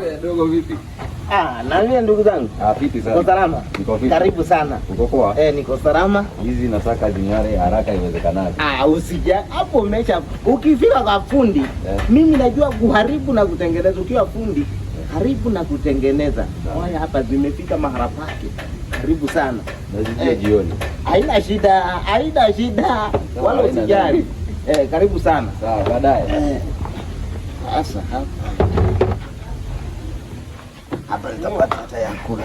wewe dogo vipi? Ah, na mimi ndugu zangu. Ah, vipi sana? Uko salama? Niko vipi? Karibu sana. Uko poa? Eh, niko salama. Hizi nataka zinyare haraka iwezekanavyo. Ah, usija hapo umesha ukifiwa kwa fundi. Yeah. Mimi najua kuharibu na kutengeneza ukiwa fundi. Yeah. Haribu na kutengeneza. Haya hapa zimefika mahala pake. Karibu sana. Nazijia eh, jioni. Haina shida, haina shida. Wala usijali. Eh, karibu sana. Sawa, baadaye. Eh. Asa hapa hapa nitapata hata ya kula.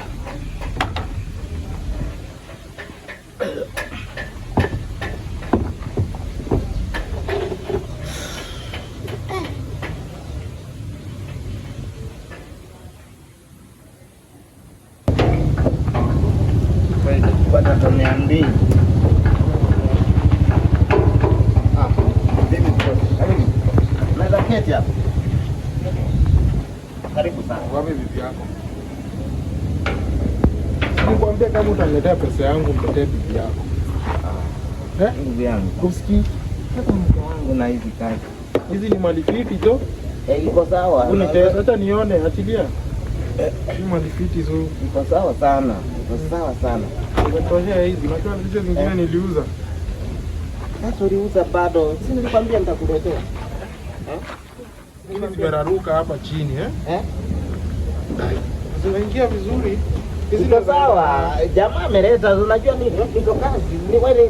Ah, Karibu sana. Kwa vipi vyako? kama utaniletea pesa yangu, mletee bibi yako. Bibi ah. eh? yangu kusikii na hizi kazi hizi ni malifiti Eh, iko sawa, hata nione, achilia eh. malifiti zo, iko sawa sana, iko hmm. sawa sana, imetosha hizi. Unajua hizo zingine eh. niliuza. Sasa uliuza bado, si nilikwambia nitakuletea Eh? hizi, zimeraruka hapa chini eh, Eh? Zimeingia vizuri Iko sawa, jamaa ameleta, unajua ni kazi ni wewe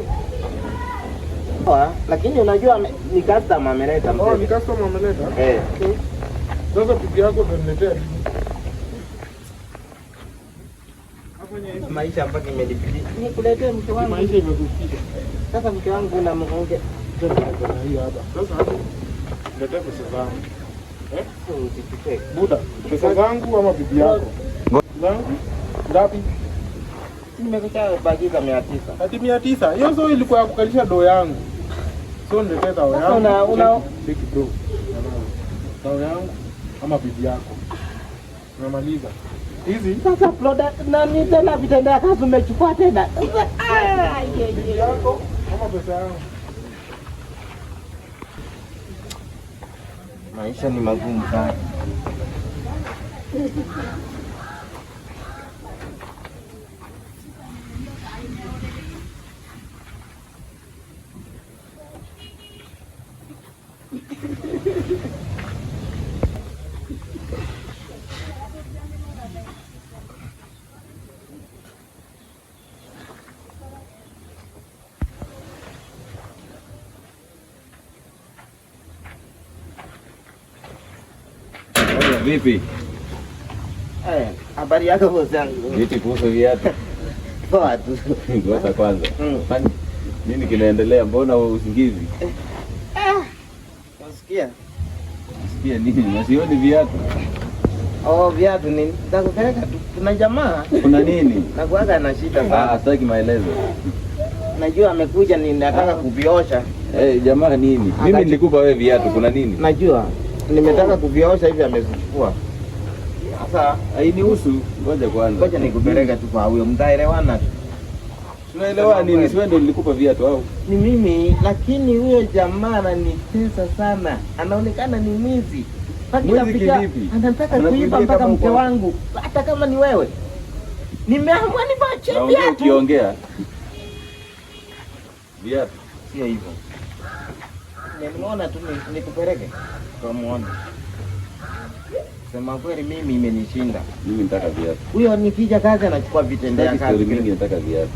lakini unajua ni customer ameleta Oh, ni customer ameleta. Eh. Sasa pipi yako ndio niletea maisha mpaka imenipitia. Ni kuletea mke wangu. Maisha imekufikia. Sasa mke wangu na mke hiyo hapa. Sasa hapo niletea pesa zangu. Eh? Buda, pesa zangu ama bibi yako? Zangu? ngapi? Nimekesha bakiza mia tisa. Hadi mia tisa? Hiyo so ilikuwa ya kukalisha doo yangu. So niletee dao yangu. Una una big bro. Dao yangu ama bibi yako. Unamaliza. Hizi sasa ploda na ni tena vitendea kazi umechukua tena. Ah, bibi yako ama pesa yangu. Maisha ni magumu sana. Vipi? Eh, habari yako bosi yangu. Vipi kuhusu viatu? Poa tu. Ngoja kwanza. Mm. Nini kinaendelea? Mbona usingizi? Ah. Unasikia? Unasikia nini? Usioni viatu? Oh, viatu nini? Nitakupeleka tu. Kuna jamaa. Kuna nini? Nakuaga na shida sana. Ah, sitaki maelezo. Najua amekuja ninataka kuviosha. Eh, hey, jamaa nini? Mimi nilikupa wewe viatu, kuna nini? Najua nimetaka oh. kuviosha hivi amezichukua. Sasa hainihusu, ngoja kwanza, ngoja nikupeleka tu kwa huyo, mtaelewana. Tunaelewa nini? Si wewe ndio nilikupa viatu au ni mimi? Lakini huyo jamaa ananitesa sana, anaonekana ni mwizi. Anataka kuiba mpaka mke wangu, hata kama ni wewe. Nimeamua nipache viatu. Ukiongea viatu sio hivyo Nimeona tu nikupeleke tumuone. Sema kweli, mimi imenishinda. Mimi nataka viatu. Huyo nikija kazi anachukua vitendea kazi. Mimi nataka viatu.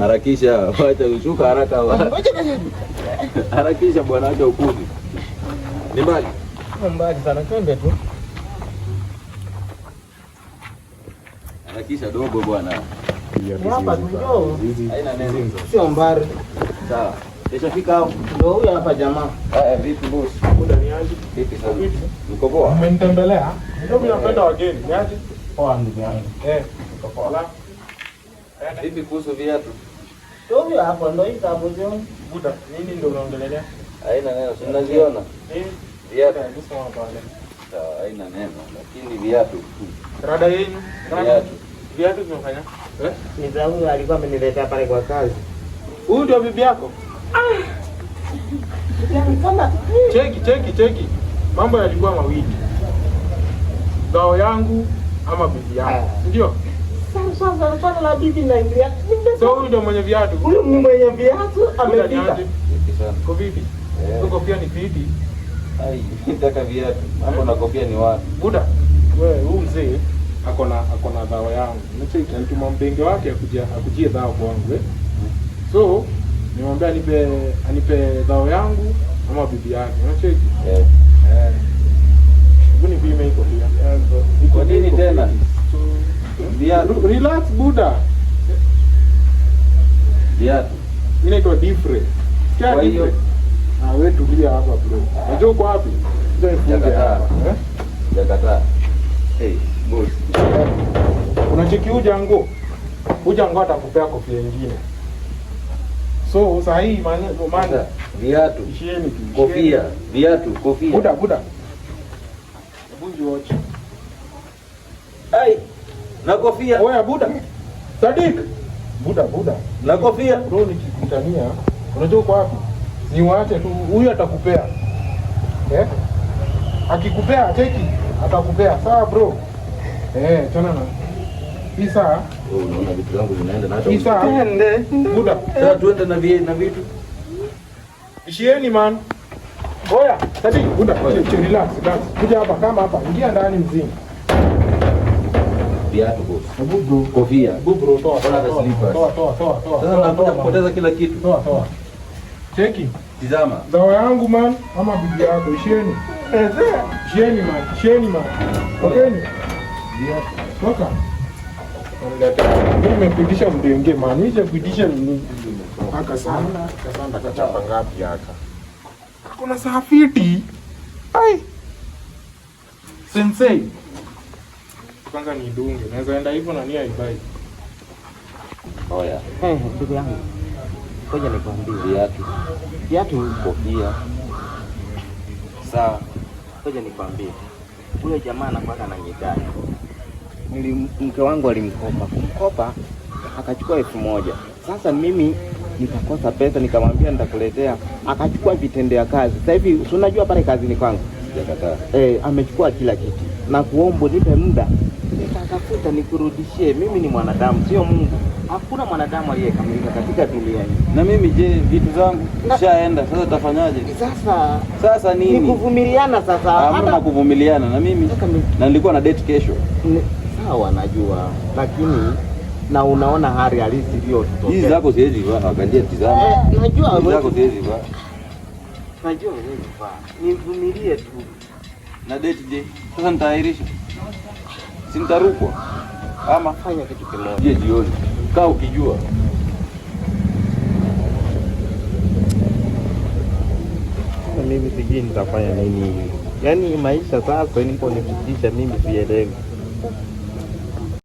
Harakisha, wacha ushuka haraka. Harakisha bwana, acha ukudi. Ni mbali. Mbali sana, twende tu. Harakisha dogo bwana. Hapa tu neno. Sio mbali. Sawa. Nishafika hapo. Ndio huyu hapa jamaa. Eh, eh vipi boss? Muda ni aje? Vipi sana? Niko poa. Umenitembelea? Ndio mimi napenda wageni. Ni aje? Poa ndugu yangu. Eh, niko poa. Eh, vipi kuhusu viatu? Ndio huyu hapa ndio hizo hapo jo. Buda, nini ndio unaongelea? Haina neno, si unaziona? Eh. Viatu ni sawa pale. Haina neno, lakini viatu. Rada yenu? Viatu. Viatu vimefanya? Eh? Ni za huyu alikuwa ameniletea pale kwa kazi. Huyu ndio bibi yako? Cheki cheki cheki, mambo yalikuwa mawili, ngao yangu ama bibi yangu, ndio so huyu ndio mwenye viatu, huyu mwenye viatu amepita. Kwa vipi? Eh. Kofia ni bibi. Ai, nitaka viatu. Mambo na kofia ni wapi? Buda. Wewe huyu mzee ako na ako na dhao yangu. Nicheki, alituma mbenge wake akujia akujie dhao kwangu. Eh? So nimwambia anipe anipe dhao yangu ama bibi yake, unacheki eh eh, shughuli hii imeiko pia. iko nini tena viatu? Relax buda, viatu inaitwa different. Kwa hiyo na ah, wewe tulia hapa bro, unajua uko wapi? Ndio ifunge hapa eh, jakataa. Hey boss, unacheki ujango, ujango atakupea kofia nyingine So hii maana ndio maana viatu, sheni, kofia, viatu, kofia. Buda buda. Bunjo wacha. Ai. Na kofia. Oya buda. Sadik. Buda buda. Na kofia. Bro nikikutania, unajua uko wapi? Ni waache tu huyu atakupea. Eh? Akikupea ateki, atakupea. Sawa bro. Eh, tena na Isa. Oh, kupoteza kila kitu. Cheki. Tizama. Dawa yangu man ama bibi yako ishieni. Eh, ishieni man, ishieni man. Okay. Viatu. Toka. Umepitisha mdenge mani, umepitisha nini? Akasanda, akasanda kachapa ngapi haka? Kuna saa fiti. Ai. Sensei. Kwanza ni dunge, naweza enda hivyo na nia ibai. Oya. Eh, ndugu yangu. Ngoja nikwambie viatu. Viatu kofia. Sawa. Ngoja nikwambie. Huyo jamaa anakuwa na nili mke wangu alimkopa kumkopa akachukua elfu moja. Sasa mimi nikakosa pesa, nikamwambia nitakuletea, akachukua vitendea kazi. Sasa hivi unajua pale kazini kwangu e, amechukua kila kitu na kuombo nipe muda nikatafuta nikurudishie. Mimi ni mwanadamu, sio Mungu. Hakuna mwanadamu aliyekamilika katika dunia hii. Na mimi je, vitu zangu shaenda sasa, tafanyaje sasa? Sasa nini? Nikuvumiliana sasa, hata na kuvumiliana na mimi na nilikuwa na date kesho sawa, najua lakini na unaona hali halisi iliyotutokea. Hizi zako siwezi vaa, angalia tizama. Eh, najua hizi zako siwezi vaa. Najua siwezi vaa. Nivumilie tu. Na date je? Sasa nitaahirisha. Si nitarukwa. Ama fanya kitu kimoja. Je, jioni. Kaa ukijua. Mimi sijui nitafanya nini hivi. Yaani maisha sasa nipo nifikisha mimi sielewi.